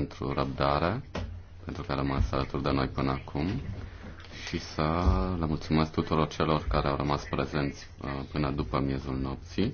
pentru răbdare, pentru că a rămas alături de noi până acum și să le mulțumesc tuturor celor care au rămas prezenți uh, până după miezul nopții.